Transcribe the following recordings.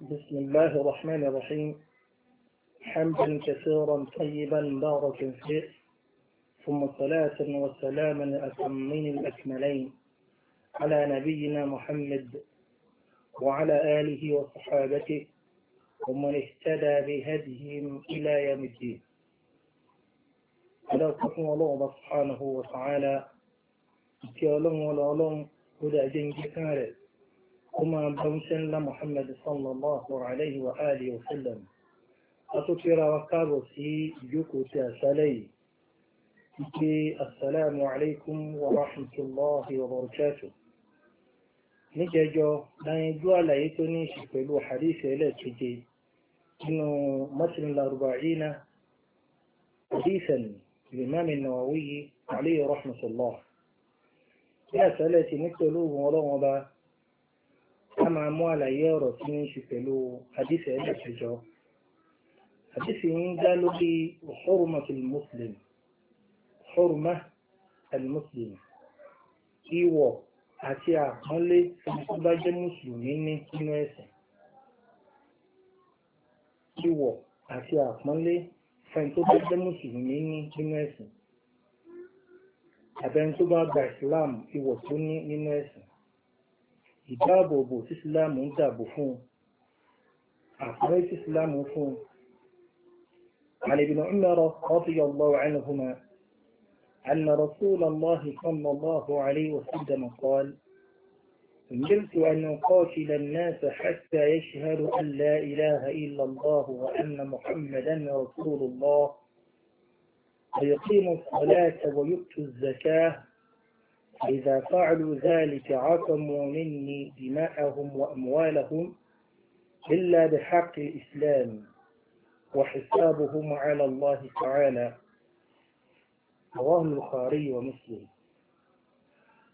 بسم الله الرحمن الرحيم حمدا كثيرا طيبا بارك فيه ثم صلاة وسلاما الأتمين الأكملين على نبينا محمد وعلى آله وصحابته ومن اهتدى بهديهم إلى يوم الدين على سبحانه الله سبحانه وتعالى في الله ودعجين هدى kuma bọ́nṣẹ́ ńlá Muhammad sallallahu alayhi wa alihi wa sallam a tó kíra wa káàbọ̀ sí ìjókòó ti àṣálẹ́ yìí ike assalamu alaikum wa rahmatullahi wa barakatuh níjẹjọ láyẹjú àlàyé tó ní ṣe pẹ̀lú hadith ẹlẹ́ẹ̀keje nínú matn al-arba'ina hadithan al-imam alayhi rahmatullah bí àṣálẹ́ ti ní pẹ̀lú ọlọ́wọ́n ká máa mú àlàyé ọ̀rọ̀ tí ń ṣe pẹ̀lú hadith ẹ̀ẹ́dẹ̀kẹjọ hadith yìí ń dá lórí hurmatul muslim hurma al-muslim ìwọ̀ àti àpọ́nlé tó bá jẹ́ mùsùlùmí ní nínú ẹ̀sìn ìwọ̀ àti àpọ́nlé fẹ́ni tó bá jẹ́ mùsùlùmí ní nínú ẹ̀sìn àbẹ́ni tó bá gba islam ìwọ̀ tó ní nínú ẹ̀sìn ìdáàbòbò tí ìsìláàmù ń dàbò fún àfúrẹ́ tí fún عن ابن عمر رضي الله عنهما أن رسول الله صلى الله عليه وسلم قال أمرت أن أقاتل الناس حتى يشهدوا أن لا إله إلا الله وأن محمدا رسول الله ويقيموا الصلاة ويؤتوا الزكاة إذا فعلوا ذلك عصموا مني دماءهم وأموالهم إلا بحق الإسلام وحسابهم على الله تعالى رواه البخاري ومسلم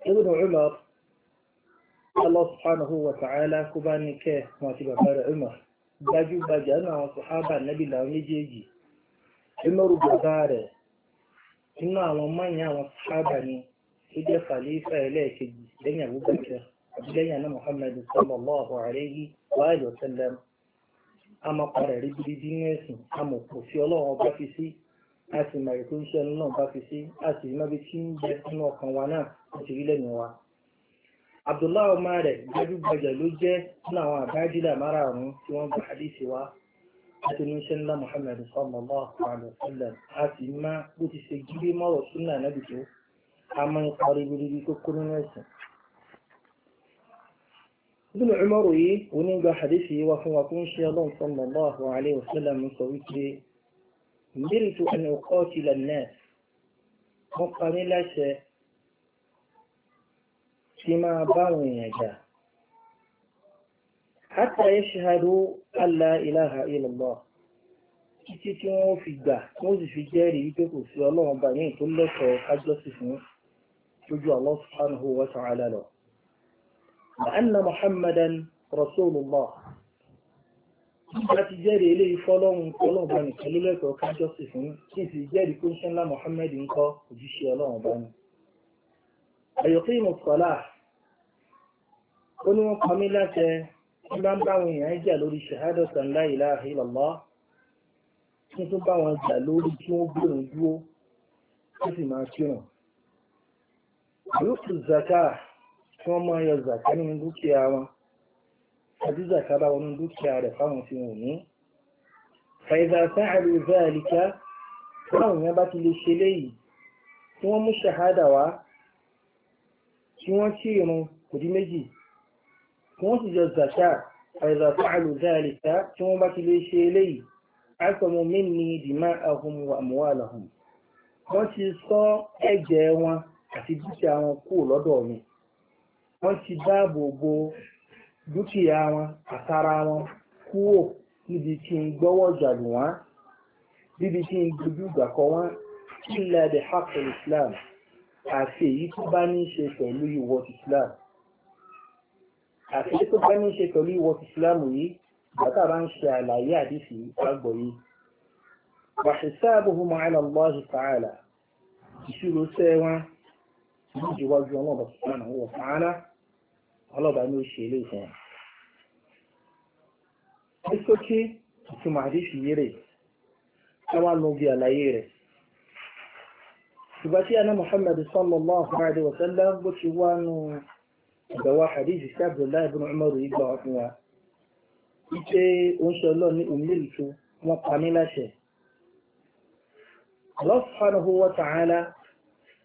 ابن عمر الله سبحانه وتعالى kó bá ní kẹ́ wọn ti bàbá كباني méjèèjì Umar bàbá rẹ̀ nínú àwọn mọ́nyà àwọn sàhábà ما تبقى won ti baba re umar gbajugbaja ninu عمر sahaba nabi lawon mejeeji umar tó jẹ́ khalifa ẹlẹ́ẹ̀kejì lẹ́yìn Abubakar lẹ́yìn àná Muhammad sallallahu alayhi wa alihi wa sallam a máa padà rí bí bí ní ẹ̀sìn a mọ̀ kò sí ọlọ́run ọba fi sí a sì mọ̀ ètò iṣẹ́ náà bá fi sí a sì mọ̀ bí tí ń jẹ nínú ọkàn wa náà ó ti rí lẹ́nu wa. Abdullahi ọmọ rẹ̀ gbajúgbajà ló jẹ́ nínú àwọn àbájílà márààrún tí wọ́n gba àdísì wa láti ní iṣẹ́ ńlá Muhammad sallallahu alaihi wa sallam a sì mọ̀ bó ti ṣe gírí mọ́rọ̀ súnà nábì a máa ń parí biribi tó kó nínú ẹ̀sìn. Ibn Umar yìí onígbà hadisi wa fún wa kún ṣe ọlọ́run sallallahu alaihi wa sallam sọ wípé miritu an uqatila an-nas wọ́n pa mí láṣẹ tí máa báwọn èèyàn jà hatta yashhadu an la ilaha illallah títí tí wọ́n fi gbà wọ́n sì fi jẹ́rìí wípé kò sí ọlọ́run bá ní ìtòlẹ́kọ̀ọ́ kájọ́sì fún tójú Allah subhanahu wa ta'ala lọ anna muhammadan rasulullah láti jẹ́rì ilé ìfọ́lọ́run ọlọ́ọ̀bá nìkan ló lẹ́tọ̀ọ́ kájọ́ sí fún kí n sì jẹ́rì kó ń ṣe ńlá muhammad ń kọ́ òjíṣẹ́ ọlọ́run bá ní àyọ̀kí ìmọ̀sọ́lá ó ní wọ́n pa mí láṣẹ tí bá ń bá àwọn èèyàn jà lórí ṣahádọ́sán la ilaha illallah tí tún bá wọn jà lórí kí wọ́n gbèrò dúró ó sì máa kírun àlùkù zaka tí wọ́n máa yọ zaka nínú dúkìá wọn àti zaka bá wọn nínú dúkìá rẹ̀ fáwọn tí wọ́n ní fàìzà sáàlù záàlìkà fáwọn èèyàn bá ti lè ṣe léyìí tí wọ́n mú ṣàhádà wá tí wọ́n tí ìrun kò dí méjì tí wọ́n sì yọ zaka fàìzà sáàlù záàlìkà tí wọ́n bá ti lè ṣe léyìí àtọmọ mi ní dìmá àhùn wà mọ́wàlà hùn wọ́n ti sọ ẹ̀jẹ̀ wọn àti dúkìá wọn kúrò lọ́dọ̀ mi wọ́n ti dáàbò bo dúkìá wọn àtara wọn kúrò níbi tí ń gbọ́wọ́ jàlù wọn níbi tí ń dojú ìgbàkọ wọn ilẹ̀ the heart of Islam àti èyí tó bá ní ṣe pẹ̀lú ìwọ Islam àti èyí tó bá ní ṣe pẹ̀lú ìwọ Islam yìí bàtà bá ń ṣe àlàyé àdìsí àgbọ̀ yìí wàṣẹ̀ sáàbùhùn mọ́ àlàlọ́hì tààlà ìṣirò sẹ́wọ̀n méjì wájú ọlọ́ọ̀bà sùpánà wọ̀ sáárá ọlọ́ọ̀bà ní oṣù ilé ìfẹ́ ní sókè ìtumọ̀ àdéṣù yé rẹ̀ káwá lọ bí àlàyé rẹ̀ ṣùgbọ́n tí aná Muhammad sallallahu alaihi wa sallam bó ti wá nù ìgbàwá hadith sí Abdullahi ibn Umar ìgbà ọ̀fun wa ipe Allah subhanahu wa ta'ala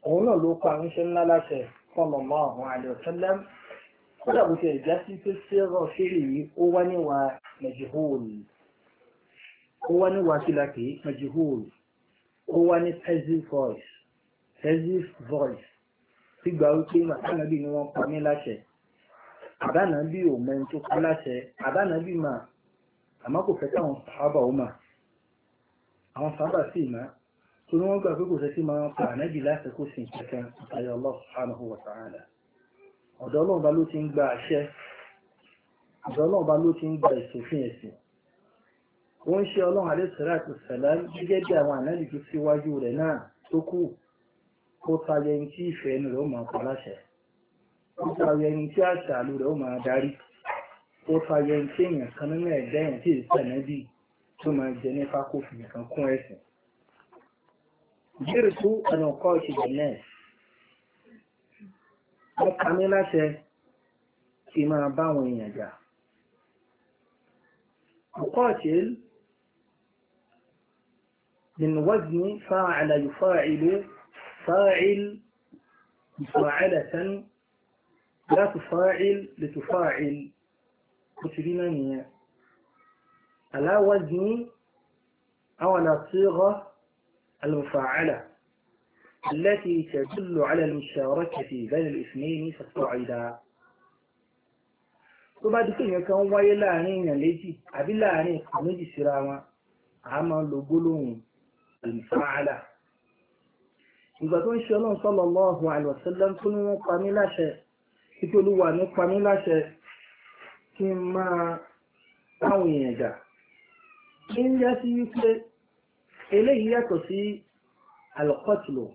òun náà ló pa aránṣẹ́ ńlá láṣẹ fọmọ mọ àwọn àlẹ ọ̀tẹ́lẹ̀ kódà bó ti ẹ̀já sí pé sẹ́rọ̀ ṣẹlẹ̀ yìí ó wá níwà mẹjìhóòlù ó wá níwà kílàkì mẹjìhóòlù ó wá ní passive voice passive voice ti gbà wípé màtánàbí ni wọ́n pa mí láṣẹ àdánàbí ò mẹ́rin tó pa láṣẹ àdánàbí mà àmọ́ kò fẹ́ káwọn sábà ó mà àwọn sábà sì máa tó wọn gba gbà pé ma sẹ́sí máa pa ànábì láti kó sí kankan ayọ̀ Allah subhanahu wa ta'ala ti gba àṣẹ ọ̀dọ̀ Ọlọ́run lo ti gba ìṣòfin esi wọ́n ń ṣe Ọlọ́run alẹ́sẹ̀láàtì sàlám gẹ́gẹ́ bí àwọn ànábì tó síwájú si waju re kù to ku ẹnu rẹ̀ ó máa pa láṣẹ ó tayọ kan fi جرت أن أقاتل الناس وكاملة فيما باوين يجا أقاتل من وزن فاعل يفاعل فاعل مفاعلة لا تفاعل لتفاعل وتبينني على وزن أو على صيغة المفاعلة التي تدل على المشاركة بين الاثنين فالقاعدة tó bá di pé èèyàn kan wáyé láàrin èèyàn méjì àbí láàrin ìpò méjì síra wọn a máa ń lo gbólóhùn al-mufa'ala ìgbà tó ń ṣe ọlọ́run sallallahu alaihi wasallam tó ní wọ́n pa mí láṣẹ títí olúwa ní pa mí láṣẹ kí n máa báwọn èèyàn jà kí n yá sí wípé eléyìí yàtọ̀ sí alọ́kọ́tìlò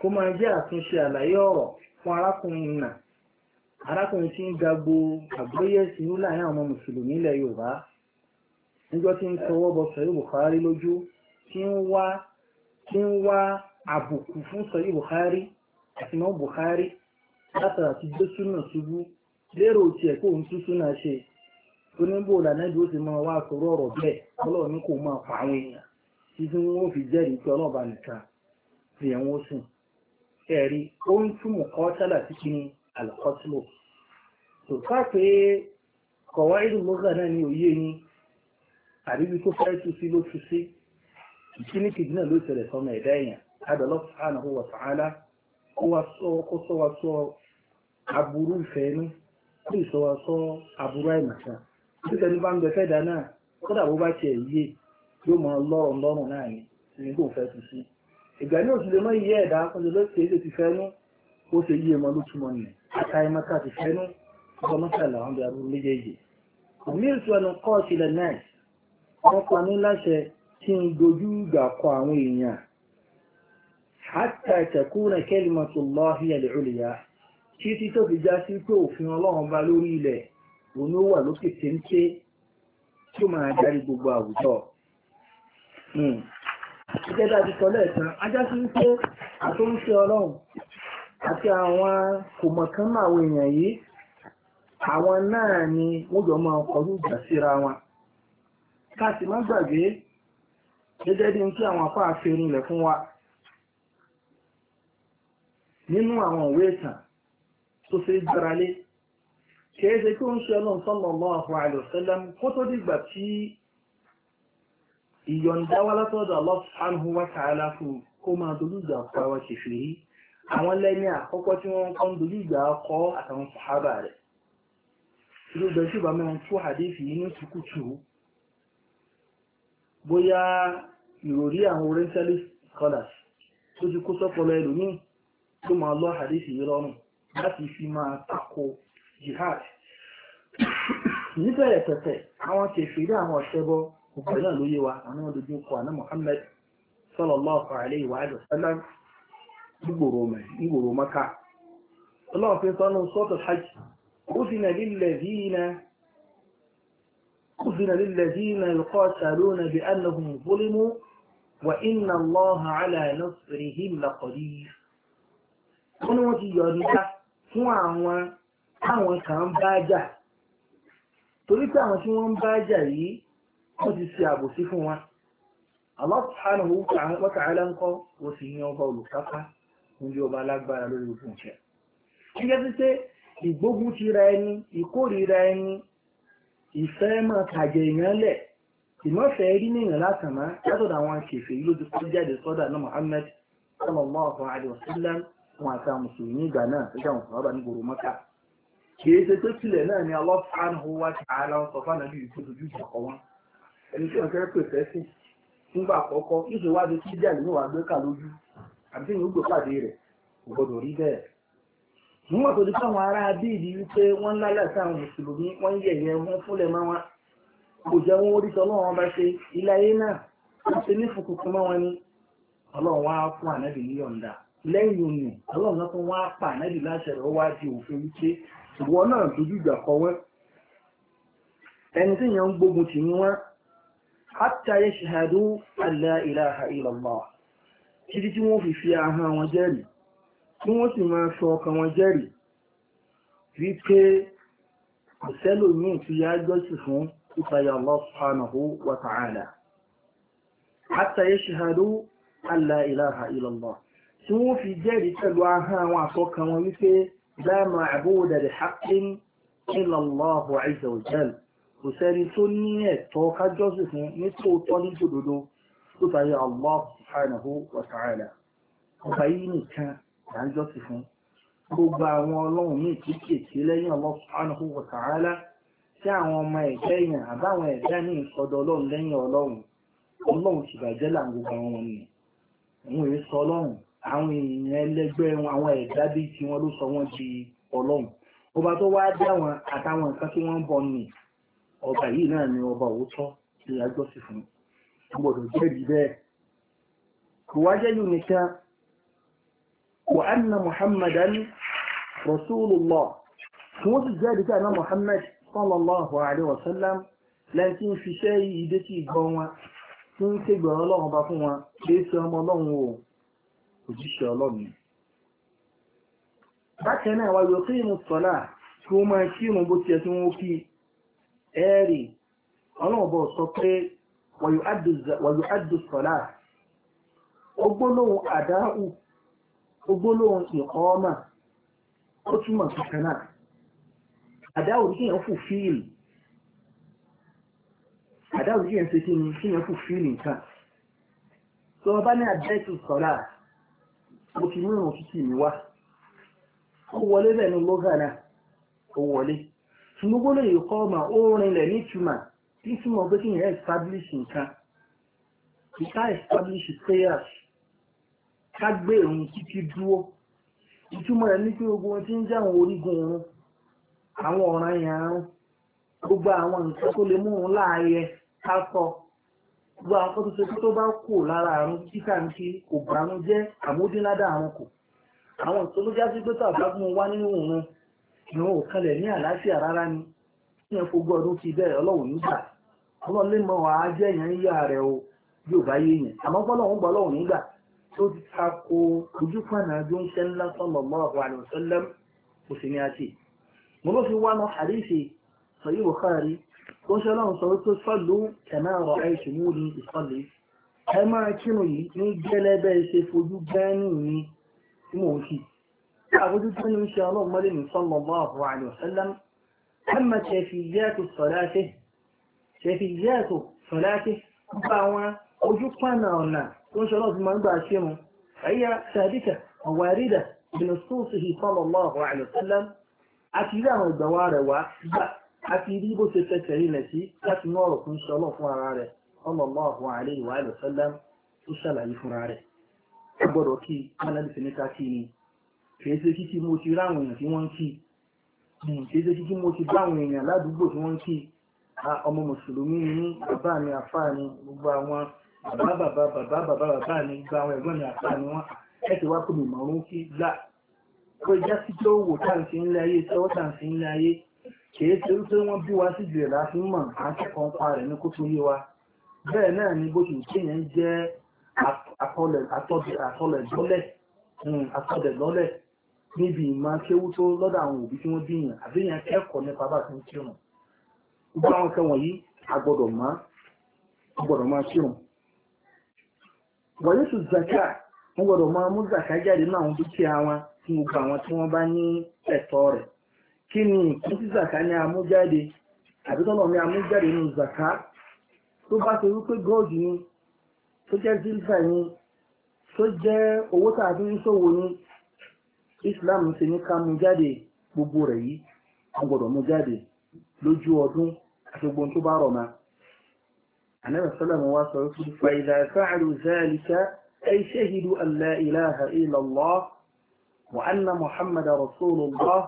kó máa jẹ́ àtúnṣe àlàyé ọ̀rọ̀ fún arákùnrin náà arákùnrin tí ń gagbo àgbóyè sínú láàrin àwọn mùsùlùmí ilẹ̀ yorùbá níjọ́ tí ń tọwọ́ bọ sọ̀rọ̀ buhari lójú tí ń wá tí ń wá àbùkù fún sọ̀rọ̀ buhari àti mọ́ buhari látara ti gbé súnà ṣubú lérò tiẹ̀ kó ń tú súnà ṣe onígbò lànàbí ó ti máa wá sọ̀rọ̀ ọ̀rọ̀ bẹ́ẹ̀ ọlọ́run ní kò máa pa àwọn èèyàn tí tí wọ́n fi jẹ́rìí pé ọlọ́ọ̀bá nìkan ti ẹ̀wọ̀n sùn ẹ̀rí ó ń túmọ̀ kọ́ sálà sí kí ni àlọ́kọ́sílò tó fà pé kọ̀wá ìlú lọ́gà náà ní òye ni tó fẹ́ sí ló sí kìdí náà ló ṣẹlẹ̀ ẹ̀dá èèyàn adọ́lọ́ wa kó sọ wa nítorí bá ń gbẹ fẹ́ dáná kódà bó bá tiẹ̀ yé yóò mọ lọ́rùn lọ́rùn náà ni ní kò fẹ́ ti sí ìgbà ní òsì iye ẹ̀dá kan ló ṣe é ti fẹ́nu ó ṣe yé ọmọ ló túmọ̀ nìyẹn mọ́ta ti fẹ́nu ọkọ̀ mọ́ta làwọn bí méjèèjì kọ́ ìṣẹ̀lẹ̀ náà wọ́n pa láṣẹ dojú ìgbà kọ àwọn èèyàn òun ló wà lókè téńté tí ó máa darí gbogbo àwùjọ. Hmm. Gẹ́gẹ́ bí a ti sọ lẹ́ẹ̀kan, ajá sí ń pé àtúnṣe ọlọ́run àti àwọn kòmọ̀kán mọ àwọn èèyàn yìí, àwọn náà ni wọ́n jọ máa kọjú ìjà síra wọn. Ká sì má gbàgbé gẹ́gẹ́ bí tí àwọn afá àfihàn ilẹ̀ fún wa nínú àwọn ìwé ìtàn tó ṣe gbáralé ṣeéṣe kí ó ń ṣe ọlọ́run sallallahu alaihi wasallam kó tó dìgbà tí ìyọ̀ǹda wá látọ̀dọ̀ Allah subhanahu wa ta'ala fún kó máa dojú ìjà ọkọ̀ àwọn ṣèṣe yìí àwọn lẹ́ni àkọ́kọ́ tí wọ́n kọ́ ń dojú ìjà ọkọ̀ àtàwọn sàhábà rẹ̀ ló bẹ̀ sí ìbámu ẹran tó hadithi inú jihad níbẹ̀rẹ̀ pẹ̀pẹ̀ àwọn kèfèrí àwọn ọ̀ṣẹ́bọ ọ̀pọ̀ náà wa àwọn Muhammad sallallahu alaihi wa maka fi hajj na وإن الله على نصرهم لقدير wọ́n ni wọ́n ti yọ fún àwọn táwọn kan bá jà torí pé àwọn tí wọ́n ń bá jà yìí wọ́n ti si àbòsí fún wa Allah subhanahu wa ta'ala ń kọ́ sì ọba olùkápá níbi ọba alágbára lórí ogun ìṣẹ́ gẹ́gẹ́ bí pé ìgbógun ti ra ẹni ìkórìíra ẹni ìfẹ́ máa tàjẹ̀ èèyàn lẹ̀ rí látọ̀dọ̀ àwọn yìí ló ti kó jáde sọ́dà náà Muhammad sallallahu alaihi wasallam wọn àti àwọn mùsùlùmí ìgbà náà tó kìí e tó tilẹ̀ náà ni Allah subhanahu wa ta'ala ń sọ fáwọn ẹbí ìkó dojú ìjà kọ wọn ẹni tí wọn fẹ́ pè fẹ́sì nígbà àkọ́kọ́ ìṣe wájú tí díẹ̀ nínú wàá gbé kà lójú di fún àwọn ará bíìlì wípé wọ́n lálẹ́ sáwọn mùsùlùmí wọ́n yẹ̀yẹ́ wọ́n fúnlẹ̀ máa wọn kò jẹ́ wọn orí sọ lọ́wọ́ bá ṣe ilé ṣùgbọ́n náà dojú ìjà kọ wọ́n ẹni tí yẹn ń gbógun tì ní wọ́n hatta yashhadu an la ilaha illallah títí tí wọ́n fi fi ahọ́n wọn jẹ́rìí tí wọ́n sì máa sọ ọkàn wọn jẹ́rìí wípé ọ̀sẹ́lò yìí tí yá jọ́sì fún ìfàyà Allah subhanahu wa ta'ala hatta yashhadu an la ilaha illallah tí wọ́n fi jẹ́rìí pẹ̀lú ahọ́n wọn àtọkàn wọn wípé لا معبود بحق إلا الله عز وجل òsẹ́ni tó ní ẹ̀tọ́ kájọ́sì fún ní tó tọ́ ní tòdòdó tó tàyé Allah subhanahu wa ta'ala ọba yìí nìkan dájọ́sì fún gbogbo àwọn ọlọ́run ní ìkíkè tí lẹ́yìn Allah subhanahu wa ta'ala tí àwọn ọmọ ẹ̀jẹ̀ èèyàn àbáwọn ẹ̀dá ní ìsọdọ̀ ọlọ́run lẹ́yìn ọlọ́run ọlọ́run ti bàjẹ́ làwọn gbogbo àwọn ọmọ nì àwọn èèyàn ẹlẹgbẹ́ wọn àwọn ẹ̀dá bíi tí wọ́n ló sọ wọ́n di ọlọ́run ọba tó wáá dá wọn àtàwọn nǹkan tí wọ́n ń bọ nì ọba yìí náà ni ọba òótọ́ fún kò wá nìkan wa anna muhammadan rasulullah tí wọ́n sì jẹ́rìí káà náà muhammad sallallahu alaihi wasallam lẹ́yìn tí ń fiṣẹ́ yìí dé sí ìgbọ́ tí ń ọlọ́run fún kì í ṣe ọmọ ọlọ́run òjíṣẹ́ ọlọ́run bákan náà wáyọ̀ kí ìmú sọ́lá tí ó máa kí ìmú bó ti ẹ̀ tí wọ́n kí ẹ̀rì ọlọ́run bọ̀ sọ pé wàyọ̀ àdù sọ́lá ogbólóhùn àdáhù ogbólóhùn ìkọ́ọ́mà ó túmọ̀ kankan náà àdáhù ní èèyàn fò fíìlì àdáhù kí ni mo ti mú ìrùn títì mi wá ó wọlé bẹ̀nu lọ́gà náà ó wọlé ṣùgbọ́n gbọ́dọ̀ kọ́ ọmọ ó rinlẹ̀ tí establish nǹkan kí ká establish prayers ká gbé títí ìtumọ̀ wọn ń orígun oorun àwọn ọ̀ràn ìyàrún gbogbo gbọ́ akọ́tútù tó bá kò lára àrùn kíkà ń kí kò bánú jẹ́ àmójúládà àwọn kò àwọn ìtọ́lójá sí pé tàbí mú wá nínú òun ìran òkanlẹ̀ ní àlàáfíà rárá ni ní ẹ̀fọ́ gbọ́dún kí bẹ́ẹ̀ ọlọ́run nígbà ọlọ́run lè mọ wàá jẹ́ èèyàn yíyá rẹ̀ o yóò bá yé èèyàn àmọ́ fọlọ́run gbọ́ ọlọ́run nígbà tó ti ta ko ojú pàànà tó ń ṣe ńlá sallallahu alaihi wasallam kò sí ní àti mo ló ó ṣe ọlọ́run sọ wípé sọ́lù kẹmẹ́rọ ẹ̀ṣùmú ní ìsọ́lẹ̀ ẹ máa kírun yìí ní gẹ́lẹ́bẹ́ ṣe fojú gánì ní tí mò ń kì àfojú tó ní ṣe ọlọ́run mọ́lẹ̀ ní sọ́lọ̀ bá ọ̀hún àlè ọ̀sẹ́lẹ́m ẹ̀mà ṣẹ̀fìyẹ́tò sọ̀láṣẹ́ gba àwọn ojú pàna ọ̀nà tó ń ṣe ọlọ́run máa ń gbà ṣe mu ẹ̀yà sàdíkà ọ̀wàrídà bìnnú sọ́ọ̀sì sọ́lọ̀ bá ọ̀hún àlè ọ̀sẹ́lẹ́m àti ilé àwọn ìgbà wa rẹ̀ wá gbà a ti rí bó ṣe fẹsẹ̀ rí lẹ̀ sí láti mú ọ̀rọ̀ fún ṣọlọ̀ fún ara rẹ̀ sallallahu alaihi wa sallam tó ṣàlàyé fúnra rẹ̀ a gbọ́dọ̀ kí mọ́nàbí sí níta kí ni kìí ṣe mo ti ráwọn èèyàn tí wọ́n ń kí hmm, kìí ṣe mo ti báwọn èèyàn ládùúgbò tí wọ́n ń kí ọmọ mùsùlùmí ní bàbá mi àfà ni gbogbo àwọn bàbá bàbá bàbá bàbá bàbá gba àwọn ẹ̀gbọ́n mi àfà ni wọ́n ẹ̀sẹ̀ wá pé mi mọ̀ kí gbà ó já sí wò táǹsì ńlẹ̀ ayé tẹ́wọ́ táǹsì ńlẹ̀ ayé kìí ṣe wípé wọ́n bí wa sí ìjìyà láti mọ̀ akẹ́kọ̀ọ́ pa rẹ̀ ní kó tó yé wa bẹ́ẹ̀ náà ni bó ti kéèyàn jẹ́ àtọ́lẹ̀lọ́lẹ̀ hmm, níbi ìmọ̀ kéwú tó lọ́dọ̀ àwọn òbí tí wọ́n bíyàn àbíyàn kẹ́kọ̀ọ́ nípa bá ti ń kírun gbogbo àwọn kan wọ̀nyí agbọ́dọ̀ máa gbọ́dọ̀ máa wọ̀nyí tún zaka wọ́n gbọ́dọ̀ máa mú zaka jáde náà àwọn dúkìá wọn fún gbogbo àwọn tí wọ́n bá ní ẹ̀tọ́ rẹ̀ kí ni ìpín tí zaka ní amújáde àbí tọ́lọ̀ ní amújáde nínú zaka tó bá ṣe wípé góòdù ni tó jẹ́ zilfa ni tó jẹ́ owó tàbí ìṣòwò ni Islam ṣe ní ká mú jáde gbogbo rẹ̀ yìí wọ́n gbọ́dọ̀ mú jáde lójú ọdún àti gbogbo tó bá rọ̀ ma. Ànábì sọ́lọ́mù wá sọ wípé wa anna Muhammadar rasulullah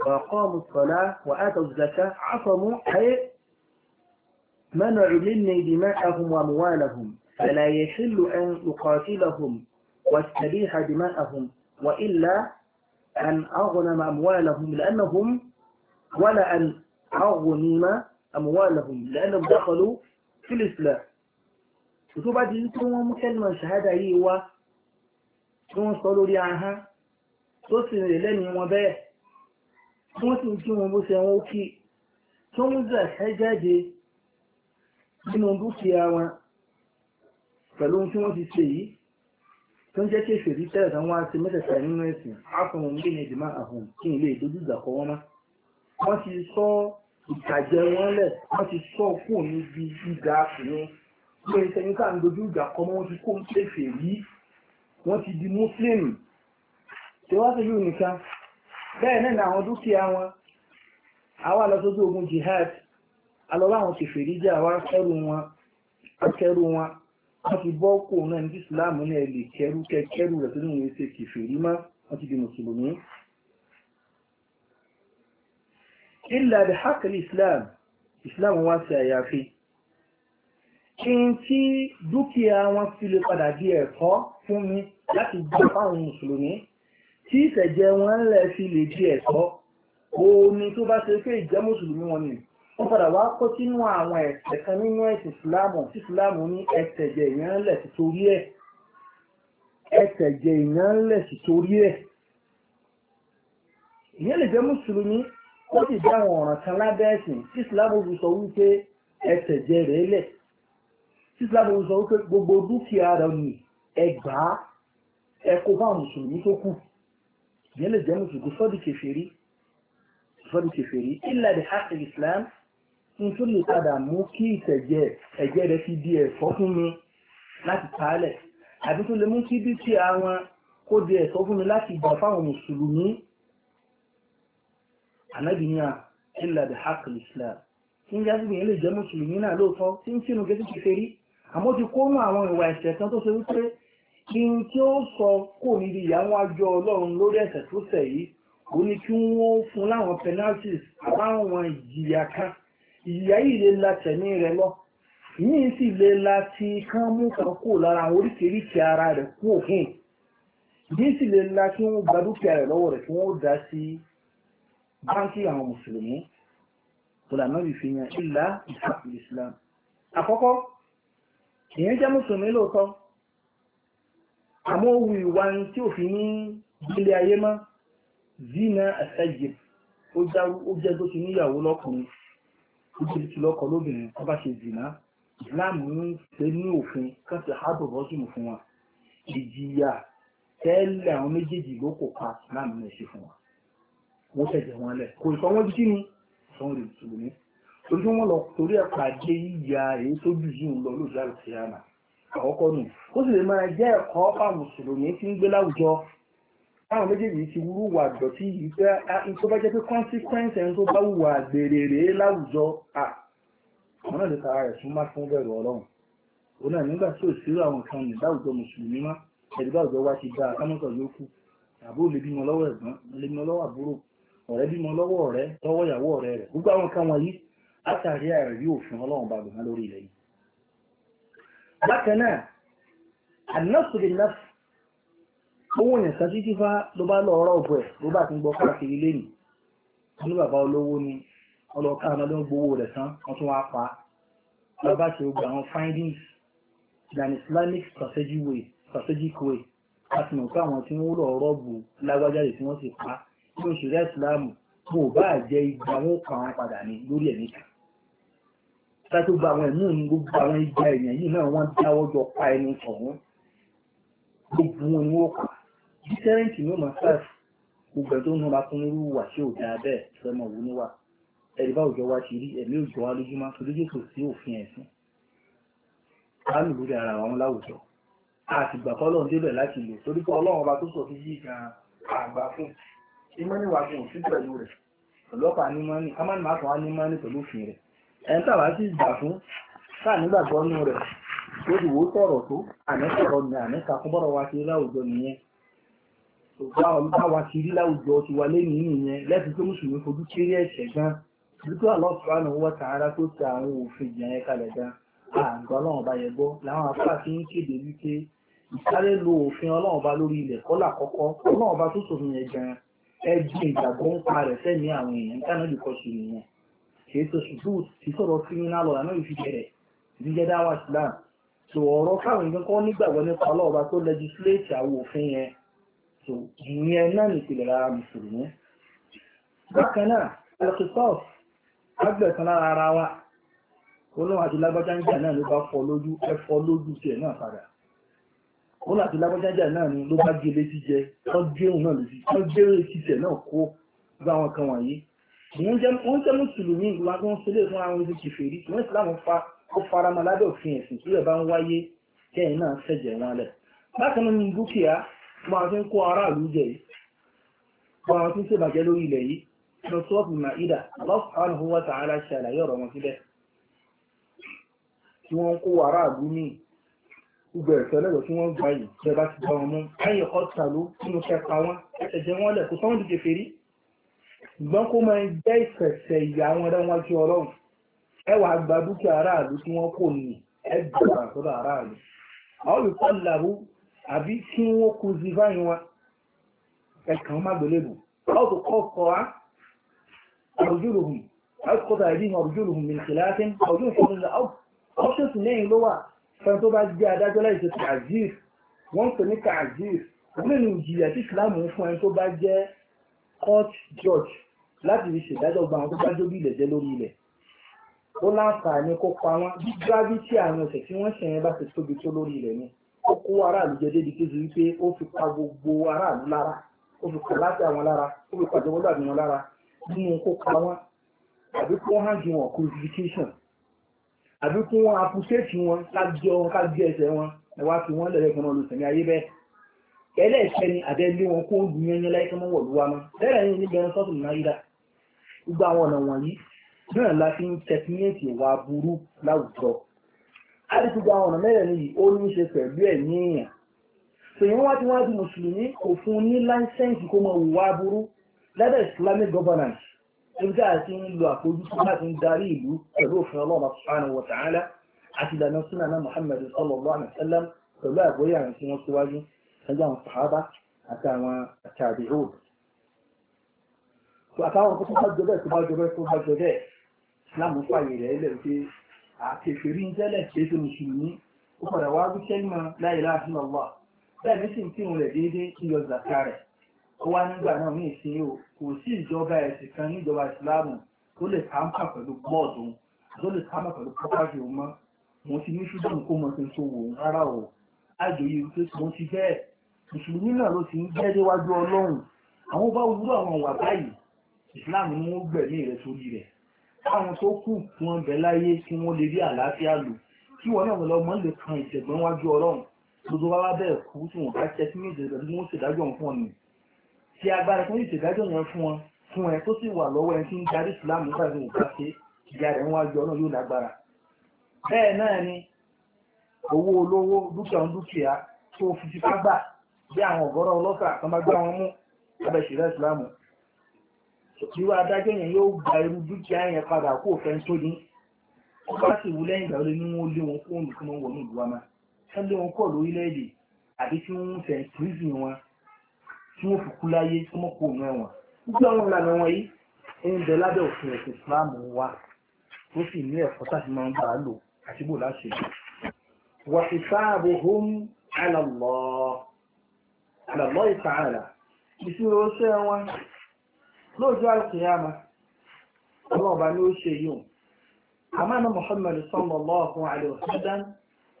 وأقاموا الصلاة وآتوا الزكاة عصموا أي منعوا مني دماءهم وأموالهم فلا يحل أن أقاتلهم واستبيح دماءهم وإلا أن أغنم أموالهم لأنهم ولا أن أغنم أموالهم لأنهم دخلوا في الإسلام tó bá di مكلمة شهادة هي kẹ́lìmọ̀ ṣàhádà لي عنها tí wọ́n sọ tí wọ́n sì ń kí wọn bó ṣe wọn ó kí tó ń zàkẹ́ jáde nínú dúkìá wọn pẹ̀lú ohun tí wọ́n ti ṣe yìí tó ń jẹ́ kí èsèrí tẹ́lẹ̀ tán wá sí mẹ́tẹ̀ẹ̀ta nínú ẹ̀sìn ákùnrin ní ilé ìdìmọ̀ àhùn kí n lè dojú ìgbà wọn mọ́ wọ́n ti sọ ìtàjẹ wọn lẹ̀ wọ́n ti sọ kù níbi ìgbà àkùnrin pé ìṣẹ́yìn ká ń dojú ìgbà mọ́ wọ́n ti kó ń pèsè yìí wọ́n ti di mùsùlùmí tí wọ́n ti lù nìkan bẹ́ẹ̀ náà àwọn dúkìá wọn àwa lọ ogun jihad alọ́wọ́ àwọn ti fèríjà wá kẹrù wọn akẹrù wọn wọ́n ti bọ́ kò náà ní islam ní ẹ lè kẹrù kẹkẹrù rẹ̀ tó ní ìwé ṣe kìfèrí mọ́ wọ́n ti di mùsùlùmí illa bi haqqil islam islam wá sí àyàfi kí n tí dúkìá wọn fi lè padà di ẹ̀kọ́ fún mi láti gbọ́ fáwọn mùsùlùmí tí ìfẹ̀jẹ̀ wọn lẹ̀ fi lè di ẹ̀kọ́ omi tó bá ṣe pé ìjẹ́ mùsùlùmí wọn ni wọ́n padà wá kó sínú àwọn ẹ̀ṣẹ̀ kan nínú ẹ̀sìn ìsìláàmù tí ìsìláàmù ní ẹ̀ṣẹ̀jẹ̀ èèyàn lẹ̀ sí torí ẹ̀ ẹ̀ṣẹ̀jẹ̀ èèyàn lẹ̀ sí torí ẹ̀ ìyẹn lè jẹ́ mùsùlùmí ó sì dá àwọn ọ̀ràn kan lábẹ́ ẹ̀sìn tí ìsìláàmù fi sọ wípé ẹ̀ṣẹ̀jẹ̀ rẹ̀ lẹ̀ tí ìsìláàmù fi sọ wípé gbogbo dúkìá rẹ̀ ni ẹgbàá ẹkọ fáwọn mùsùlùmí tó kù yẹn lè jẹ́ mùsùlùmí sọ́dí kèfèrí sọ́dí kèfèrí ilẹ̀ the heart of Islam n tó lè padà mú kí ìtẹ̀jẹ̀ ẹ̀jẹ̀ rẹ̀ fi di ẹ̀fọ́ fún mi láti paálẹ̀ àbí tó lè mú kí dúkìá wọn kó di ẹ̀fọ́ fún mi láti gbà fáwọn mùsùlùmí ànábìyàn ilẹ̀ the heart of Islam tí ń jásí yẹn lè jẹ́ mùsùlùmí náà lóòótọ́ tí ń sínú gẹ́gẹ́ kèfèrí àmọ́ ti kó mú àwọn ìwà ẹ̀ṣẹ̀ kan tó ṣe wípé kí n tí ó sọ kò ní di ìyàwó àjọ ọlọ́run lórí ẹ̀ṣẹ̀ tó ṣẹ̀ yìí ó ní kí wọ́n fún láwọn penalties àbáwọn ìjìyà kan ìyà yìí lè la tẹ̀mí rẹ lọ yìí sì lè la ti kán mú kan kó lára àwọn oríṣiríṣi ara rẹ̀ kú òfin yìí sì lè la kí wọ́n gba dúkìá rẹ̀ lọ́wọ́ rẹ̀ kí wọ́n dá sí báńkì àwọn mùsùlùmí ìlànà ìfihàn ìlà ìsàkùn Islam àkọ́kọ́ ìyẹn jẹ́ mùsùlùmí lóòótọ́ àmọ́ òwú ìwà tí ò fi ní ilé ayé mọ́ zina àṣàjẹ́ ó jẹ́ tó ti níyàwó lọ́kùnrin ó ti ti lọ́kọ lóbìnrin tó bá ṣe zina islam ń pè ní òfin kan ti hábò bọ́sùn fún wa ìjìyà tẹ́lẹ̀ àwọn méjèèjì ló kò pa islam náà ṣe fún wa wọ́n tẹ̀jẹ̀ wọn lẹ̀ kò ìsọ wọn jí ni ìsọ wọn lè tùlù ní torí wọn lọ torí ẹ̀ pàdé yíya èyí tó jù yìí ń lọ lóòjá lọ́sẹ̀ yánà àkọ́kọ́ nù ó sì lè máa jẹ́ ẹ̀kọ́ fáwọn mùsùlùmí tí ń gbé láwùjọ táwọn méjèèjì ti wúrú wà dọ̀tí yìí pé ah, tó bá jẹ́ pé consequence ẹni tó bá wùwà gbèrè rèé láwùjọ ah, à wọn náà lè tara rẹ̀ fún má fún bẹ̀rù ọlọ́run ó náà nígbà tí ò sírò àwọn nǹkan nì láwùjọ mùsùlùmí má ẹ̀dùgbà àwùjọ wa ti dáa kámọ́tọ̀ yóò kú àbó lè bímọ lọ́wọ́ ẹ̀gbọ́n lè bímọ lọ́wọ́ àbúrò ọ̀rẹ́ bímọ lọ́wọ́ ọ̀rẹ́ lọ́wọ́ ìyàwó ọ̀rẹ́ rẹ̀ gbogbo àwọn nǹkan wọ̀nyí látàrí àìrí òfin ọlọ́run bàbá lórí ilẹ̀ yìí bákan náà ànásùlélá owó yẹn kan títí fá ló bá lọ ọ̀rọ̀ ọ̀bọ̀ ẹ̀ ló bá ti ń gbọ́ káàkiri lẹ́yìn ní bàbá olówó ni ọlọ́ọ̀ká ọmọdé ń gbowó rẹ̀ tán wọ́n tún wá pa lọ bá ṣe gbà àwọn findings than Islamic strategic way láti mọ̀ pé àwọn tí wọ́n lọ rọ́ọ̀bù lágbájáde tí wọ́n sì pa ní òṣèré ìsìláàmù wọn ò bá jẹ ìgbà wọn kàn án padà ní lórí ẹ̀mí kan sátó gba àwọn ẹ̀mí òun gbogbo àwọn ìgbà èèyàn yìí náà wọ́n dáwọ́ jọ pa ẹni ọ̀hún gbogbo wọn ni wọ́n kà dísẹ́rẹ́ǹtì ní ọmọ sáàf gbogbo ẹ̀ tó nura fún irú wà tí ò dáa bẹ́ẹ̀ fẹ́mọ̀ wù níwà ẹ̀rí bá òjò wa ti rí ẹ̀mí òjò wa lójúmọ́ torí kò sí òfin ẹ̀sìn ká lù lórí ara wọn láwùjọ àtìgbà kọ́lọ́run débẹ̀ láti lò torí pé ọlọ́run ọba tó sọ fi yí gan àgbà fún ìmọ̀ níwà fún òfin pẹ̀lú rẹ̀ ọlọ́pàá ní mọ́ni ká má ní má ní mọ́ni pẹ̀lú òfin rẹ̀ ẹni tàbá sì jà fún káà nígbàgbọ́ nù rẹ̀ ó ti wò ó tọ̀rọ̀ tó ànẹ́sọ̀rọ̀ ni ànẹ́ka fún bọ́rọ̀ wa ti rí láwùjọ nìyẹn bá wa ti rí láwùjọ ti wa lẹ́yìn nìyẹn lẹ́sìn tó mùsùlùmí fojú kéré ẹ̀ṣẹ̀ gan dúdú àlọ́sọ̀rọ̀ àwọn owó tààrà tó ti àwọn òfin ìjìyàn yẹn kalẹ̀ gan àǹgọ́ ọlọ́run bá yẹ gbọ́ làwọn afárá ti ń kéde wípé ìsáré lo òfin ọlọ́run bá lórí ilẹ̀ kọ́là kọ́kọ́ ọlọ́run bá tó sòfin yẹn gan ẹ dín ìgbàgbọ́ ń pa rẹ̀ sẹ́ni àwọn èèyàn ń kánà lè kọ́ sí nìyẹn kìí ṣe ṣùgbọ́n ti sọ̀rọ̀ criminal law àná ìfi bẹ̀rẹ̀ jíjẹ́ dáwà islam so ọ̀rọ̀ káwọn èèyàn kan nígbàgbọ́ nípa ọlọ́ọ̀bá tó legislate àwọn òfin yẹn so ìyẹn náà nìpìlẹ̀ rárá mùsùlùmí bákan náà alakisọ́ọ̀f agbẹ̀sán lára ara wa olóhùn àti lágbájá níjà náà ló bá fọ́ lójú ẹfọ́ lójú tiẹ̀ náà padà olóhùn àti lágbájá ni ló bá gé létí jẹ tọ́jú èèyàn náà lójú tọ́jú èèyàn wọ́n jẹ́ mùsùlùmí ìwà tó ń ṣe lè fún àwọn oṣù kìfèrí wọ́n sì láwọn fa ó fara mọ́ lábẹ́ òfin ẹ̀sìn tí ìrẹ̀ bá ń wáyé kẹ́yìn náà ṣẹ̀jẹ̀ wọn lẹ̀. bákan náà ni dúkìá mo àti ń kó aráàlú jẹ yìí mo àti ń ṣèbàjẹ́ lórí ilẹ̀ yìí lọ sọ́ọ̀bù maida Allah subhanahu wa ta'ala ṣàlàyé ọ̀rọ̀ wọn síbẹ̀ tí wọ́n ń kó aráàlú ní gbogbo ẹ̀fẹ́ lẹ́gbẹ̀ tí wọ́n gbà yìí jẹba ti bá wọn mú ayẹ̀kọ́ tàlú nínú kẹta wọn ẹ̀jẹ̀ wọn lẹ̀ kò sọ́wọ́n dìde fèrí ṣùgbọ́n kó máa jẹ́ ìfẹ̀sẹ̀ ìyá wọn rẹ́wájú ọlọ́run ẹ wàá gba dúkìá aráàlú tí wọ́n kò ní ẹ gbọ́dọ̀ àtọ́dọ̀ aráàlú àwọn olùkọ́ làwù àbí kí wọ́n kú sí báyìí wọn ẹ̀kàn má gbélébù báwo tó kọ́ kọ́ á àrùjúlùhùn àkọ́tà ìdí àrùjúlùhùn mi kìláàtì ọdún ìfọ̀nlẹ̀ ọ́pṣọ̀sì ní tààzír láti fi ṣèdájọ́ gba àwọn tó bá jóbi ilẹ̀ jẹ́ lórí ilẹ̀ ó láǹfààní kó pa wọn bí gravity àwọn ẹ̀ṣẹ̀ tí wọ́n ṣe yẹn bá ti tóbi tó lórí ilẹ̀ ni ó kó aráàlú jẹ débi kéde wípé ó fi pa gbogbo aráàlú lára ó fi pa láti àwọn lára ó fi pàjọwọ́ dàbí wọn lára nínú kó pa wọn àbí kó hàn jù wọn crucifixion àbí kó wọn appreciate wọn lájọ wọn kájọ ẹsẹ̀ wọn ẹ wá fi wọn lẹ́rẹ̀ẹ́ kan lọ ẹlẹ́ẹ̀kẹ́ni àdẹ́lé wọn kó ń dùn láìpẹ́ mọ́wọ́ lúwa mọ́ lẹ́rẹ̀ẹ́ yẹn níbi ẹran sọ́tún gbogbo àwọn ọ̀nà wọ̀nyí náà la fi ń tẹkiníẹ̀tì ìwà burú láwùjọ àdìsígbà àwọn ọ̀nà mẹ́rẹ̀ẹ̀rin yìí ó ní í ṣe pẹ̀lú ẹ̀ ní èèyàn ṣèyàn wá tí wọ́n á di mùsùlùmí kò fún un ní láńsẹ́ǹsì kó mọ ìwà burú lábẹ́ Islamic governance níbi tí a ti ń lo àfojúsùn láti ń darí ìlú pẹ̀lú òfin Ọlọ́run subhanahu wa ta'ala àti ìlànà súnà náà sallallahu alaihi wasallam pẹ̀lú àgbóyè àwọn àtàwọn tó bá jọ bẹ́ẹ̀ tó bá jọ bẹ́ẹ̀ tó bá jọ bẹ́ẹ̀ islam fàyè rẹ̀ lẹ́yìn pé àkèfèrí ń tẹ́lẹ̀ ṣe tó mùsùlùmí ó padà wá wí kẹ́lìmọ̀ la ilaha illallah bẹ́ẹ̀ ní sì ń kírun rẹ̀ déédéé ń yọ zàkà rẹ̀ ó wá nígbà náà ní ìsìn yóò kò sí ìjọba ẹ̀sìn kan níjọba ìsìláàmù tó lè kàńpà pẹ̀lú bọ́ọ̀dù tó lè kàńpà pẹ̀lú pọ́pájì òun mọ́ àwọn bá wúrò àwọn wà báyìí islam ni wọ́n gbẹ̀mí rẹ̀ sórí rẹ̀ káwọn tó kù kí wọ́n bẹ̀ láyé kí wọ́n lè rí àlàáfíà lò kí wọ́n náà lọ mọ́ lè kan ìṣẹ̀gbọ́n wájú ọlọ́run gbogbo wa wá bẹ̀rẹ̀ kú tí wọ́n bá ṣe sínú ìdẹ̀rẹ̀ tí wọ́n ṣèdájọ́ fún ọ ni tí agbára tó ń ṣèdájọ́ yẹn fún wọn fún ẹ tó sì wà lọ́wọ́ ẹni tí ń darí islam nígbà tí wọ́n bá ṣe ìyá rẹ̀ wájú ọlọ́run yóò lágbára bẹ́ẹ̀ náà ni owó olówó dúkìá ń dúkìá tó fi fipá gbà bí àwọn ọ̀gọ́rọ̀ ọlọ́sà kan bá gbá wọn mú lábẹ́ ìṣẹ̀lẹ̀ ìsìlámù irú adájọ́ yẹn yóò gba irú dúkìá yẹn padà kó fẹ́ tó ní ó bá sì wú lẹ́yìn ìgbàlódé ní wọ́n lé wọn kó wọn nìkan wọnú ìlú wa máa wọ́n lé wọn kọ́ lórílẹ̀‐èdè àbí tí wọ́n ń fẹ́ pírísì wọn tí wọ́n fi kú láyé tí wọ́n kó òun ẹ̀wọ̀n gbogbo àwọn ìlànà wọn yìí ń bẹ lábẹ́ òfin ẹ̀sìn ìsìláàmù wa tó sì ní ẹ̀kọ́ tá a ti máa ń gbà á lò àti bò láṣẹ. wàhísáàbùhùn alàlọ́ alàlọ́ ìtàn lóòjọ́ alkiyama ọlọ́run ọba ni ó ṣe yóò àmàna Muhammad sallallahu alaihi wasallam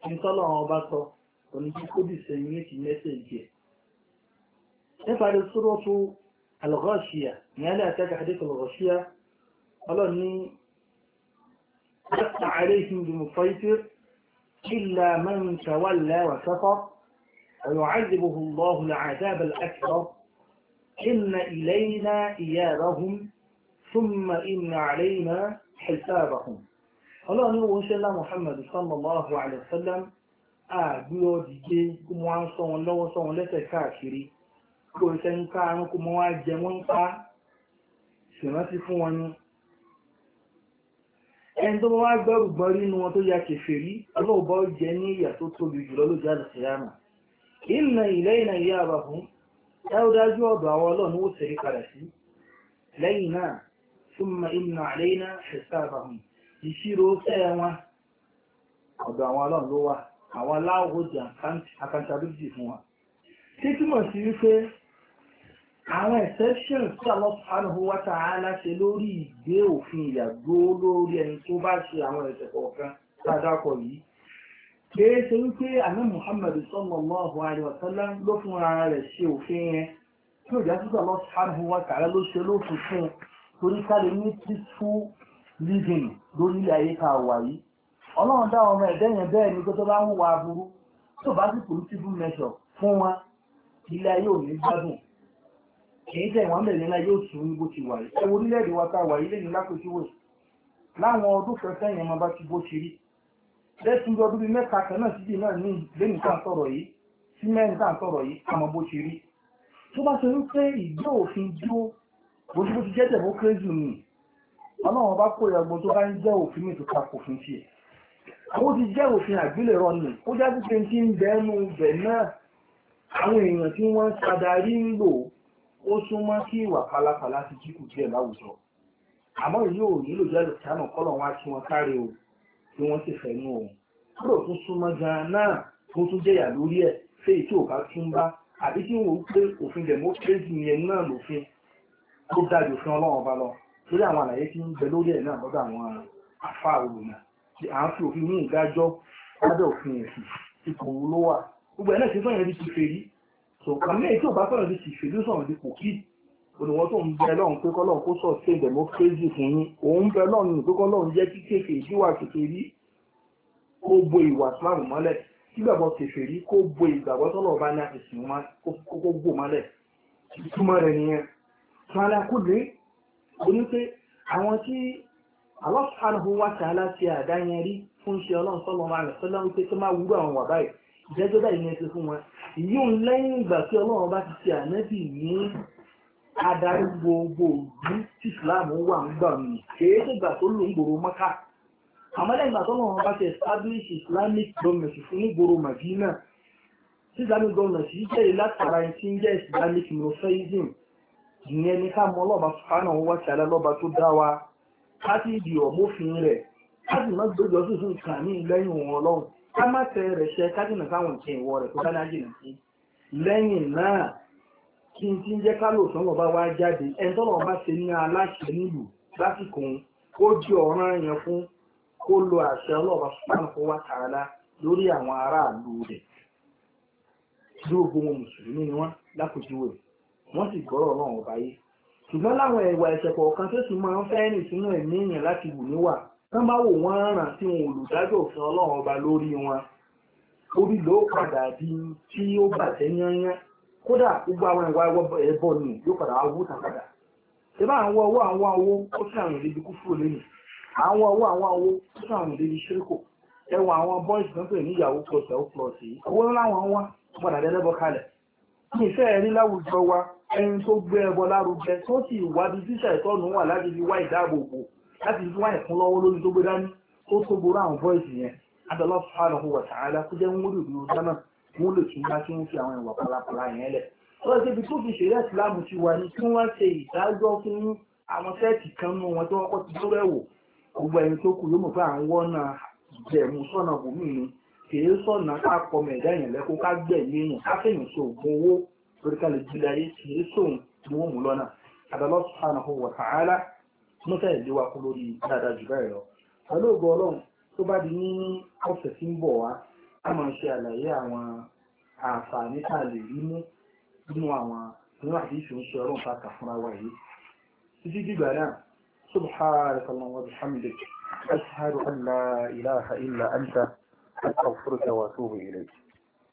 ní tọ́lọ́run ọba sọ oníkí kó bì sẹ́yìn méjì mẹ́sẹ̀jì ẹ̀ nípa ní súrọ́tù al-Ghashiya ní alẹ́ àtẹ́kà àdékù al-Ghashiya ọlọ́run ní Lasta alaihim bi mufaitir illa man tawalla wa kafar wa yu'adhibuhu Allahu al-'adhab al-akbar إن إلينا إيابهم ثم إن علينا حسابهم ọlọ́run ní oúnjẹ ńlá Muhammad sallallahu alaihi wasallam àgbé ọdìgbé kó mọ́ án sọ wọn lọ́wọ́ sọ wọn lẹ́sẹ̀ káàkiri kó ìṣẹ́ ń ká àrùn kó mọ́ wá jẹ wọ́n pa ṣèrántí fún wọn ni ẹni tó wá gbẹ́rù gbọ́rí inú wọn tó ya kèfèrí ọlọ́ọ̀bọ́ jẹ ní ìyà tó tóbi jùlọ lójú àdìsíyàmà ìnà ìlẹ́yìn ìyá àbàfún dájúdájú ọ̀dọ̀ àwọn ọlọ́run ó tẹ̀rí padà sí lẹ́yìn náà súnmọ́ ìmìnà àlẹ́yìnà ṣẹ̀sáàbàmù ìṣirò fẹ́ wọn ọ̀dọ̀ àwọn ọlọ́run ló wà àwọn aláwòdì accountability fún wa títúmọ̀ sí wípé àwọn exceptions tí Allah ta wa ta'ala ṣe lórí ìgbé òfin ìyàgbó lórí ẹni tó bá ṣe àwọn ẹ̀ṣẹ̀ kọ̀ọ̀kan tá a dákọ̀ kìí ṣe wípé àná Muhammad sallallahu alaihi wasallam ló fún ara rẹ̀ ṣe òfin yẹn tí lọ wa ta'ala ló ṣe ló fi fún torí kálí ní peaceful living lórílẹ̀ ayé ká wà yìí ọlọ́run dá ọmọ ẹ̀dẹ́ yẹn bẹ́ẹ̀ ni wa ilé ayé ò ní gbádùn kìí tẹ̀ wọ́n bẹ̀rẹ̀ yóò sùn ní bó ti wà yìí ẹwọ orílẹ̀-èdè wa wà yìí lẹ́yìn láwọn ọdún yẹn máa bá lẹ́sùn ọdún mẹ́ta kan náà náà ní lẹ́yìn tá ń sọ̀rọ̀ yìí sí mẹ́rin tá ń sọ̀rọ̀ yìí àmọ́ bó ṣe rí tó bá ṣe wípé ìgbé òfin dúró bó ṣe bó ti jẹ́ democracy ni ọlọ́run bá kó ìyàgbọ́n tó bá ń jẹ́ òfin mi tó ta kò fún tiẹ̀ ó ti jẹ́ òfin àgbélẹ̀rọ ni ó jáde pé tí ń bẹ ẹnu ibẹ̀ náà àwọn èèyàn tí wọ́n sadarí ń lò ó súnmọ́ kí ìwà pálapàla ti jíkù díẹ̀ láwùjọ àmọ́ yóò nílò jẹ́ lòkè tí wọ́n sì fẹ̀nu òun kúrò tó súnmọ́ gan-an náà tó tún jẹ̀yà lórí ẹ̀ ṣé èyí tí ò bá tún bá àbí tí wọ́n pé òfin democracy yẹn náà lòfin tó dájú fún ọlọ́run ọba lọ lórí àwọn àlàyé tí ń bẹ lórí ẹ̀ náà lọ́dọ̀ àwọn afá olùmọ̀ tí à ń fi òfin mú ìdájọ́ lábẹ́ òfin ẹ̀sìn ipò wo ló wà gbogbo ẹ̀ náà ti fẹ́ràn di kìfèrí sọ̀kan mẹ́rin tí ò bá fẹ́ràn di kìfèrí sọ̀rọ̀ di kòkí olùwọ́n tó ń bẹ lọ́run pé kọ́lọ́run kó sọ̀tún democracy fún yín òun bẹ lọ́run pé kọ́lọ́run jẹ́ kí kéfè ìdíwà kékeré kó bo ìwà Islam mọ́lẹ̀ kí gbàgbọ́ kéfè rí kó bo ìgbàgbọ́ tọ́lọ̀ bá ní àfẹsìn wọn kó gbò mọ́lẹ̀ ìtumọ̀ rẹ̀ nìyẹn. sọ́lá kúndé oní pé àwọn tí Allah subhanahu wa ta'ala ti àdáyẹnrí fún ṣe ọlọ́run sallallahu alaihi wasallam pé tó máa wúrọ̀ àwọn wà báyìí ìjẹ́jọ́ báyìí ní ẹ ti fún wọn ìyóò lẹ́yìn ìgbà tí ọlọ́run bá ti ṣe ànábì ní adarí gbogbo ní tìsìláàmù wà ń gbà mí kèé tó gbà tó lò ń gbòòrò mọ́ká àmọ́ lẹ́yìn ìgbà tó lọ́wọ́ bá ti establish islamic government fún nígboro Madina islamic government yìí jẹ́ látara ẹni tí ń jẹ́ islamic monotheism ìyẹn ká mọ ọlọ́ọ̀bá subhanahu wa ta'ala lọ́ba tó dá wa ká sì di ọ̀mọ́fin rẹ̀ ká sì má fún ìkà ní lẹ́yìn ká má tẹ rẹ̀ ká kí n ti ń jẹ́ kálò sọ́nà bá wá jáde ẹni tọ́nà bá ṣe ní aláṣẹ nílùú lásìkò ó di ọ̀ràn yẹn fún kó lo àṣẹ ọlọ́ọ̀bá fún wa tààlà lórí àwọn aráàlú rẹ̀ gbogbo mùsùlùmí ni wọn sì gbọ́rọ̀ náà ọba yìí ṣùgbọ́n láwọn kọ̀ọ̀kan tó sì máa ń fẹ́ rìn sínú ẹ̀mí èèyàn láti wù níwà tán bá wò wọ́n ràn olùdájọ́ òfin ọlọ́run ọba lórí wọn orí ló kódà gbogbo àwọn ìwà ẹ̀bọ ni yóò padà wá wú tàkàdà ìbá àwọn ọwọ́ àwọn awó ó sì àrùn débi kú fúrò lẹ́yìn àwọn ọwọ́ àwọn awó ó sì àrùn débi ṣíríkò ẹwà àwọn boys kan pè ní ìyàwó plus ẹ̀wọ́ plus yìí owó ńlá wọn wá padà dẹ́lẹ́bọ kalẹ̀ ní ìfẹ́ ẹ̀rí láwùjọ wa ẹni tó gbé ẹbọ lárugẹ tó sì wábi tíṣà ìtọ́nù wà láti fi wá ìdáàbòbò láti fi wá ìkún lọ́wọ́ lórí tó gbé dání tó tó ború àwọn boys yẹn adọ́lọ́ fún àwọn ọ̀tàn wọ́n lè tún bá kí wọ́n fi àwọn ìwà pàlàpàlà yẹn lẹ̀. wọ́n ṣe ibi tó fi ṣeré ìsìlámù ti wà ní kí wọ́n ṣe ìdájọ́ fún àwọn sẹ́ẹ̀tì kan nú wọn tí wọ́n kọ́ ti dúró ẹ̀wò gbogbo ẹni tó kù yóò mọ̀ pé à ń wọ́nà jẹ̀mú sọ́nà bòmí ni kìí sọ̀nà ká pọ̀ mẹ̀dá èèyàn lẹ́kọ́ ká gbẹ̀mí èèyàn ká fèèyàn so ògùn owó lórí ká lè jílẹ̀ ayé kìí sóhun ni wọ́n mú lọ́nà àdàlọ́ subhanahu wa ta'ala mọ́tà ìléwà kú lórí dáadáa jù báyìí lọ. pẹ̀lú ògbọ́ ọlọ́run tó bá di ní ọ̀sẹ̀ tí ń bọ̀ wá a máa ṣe àlàyé àwọn àǹfààní tá a lè rí mú nínú àwọn nínú àdíṣù ń ṣe ọlọ́run pàtà fúnra wa yìí títí dìgbà náà subhanaka wa bihamdik wa atubu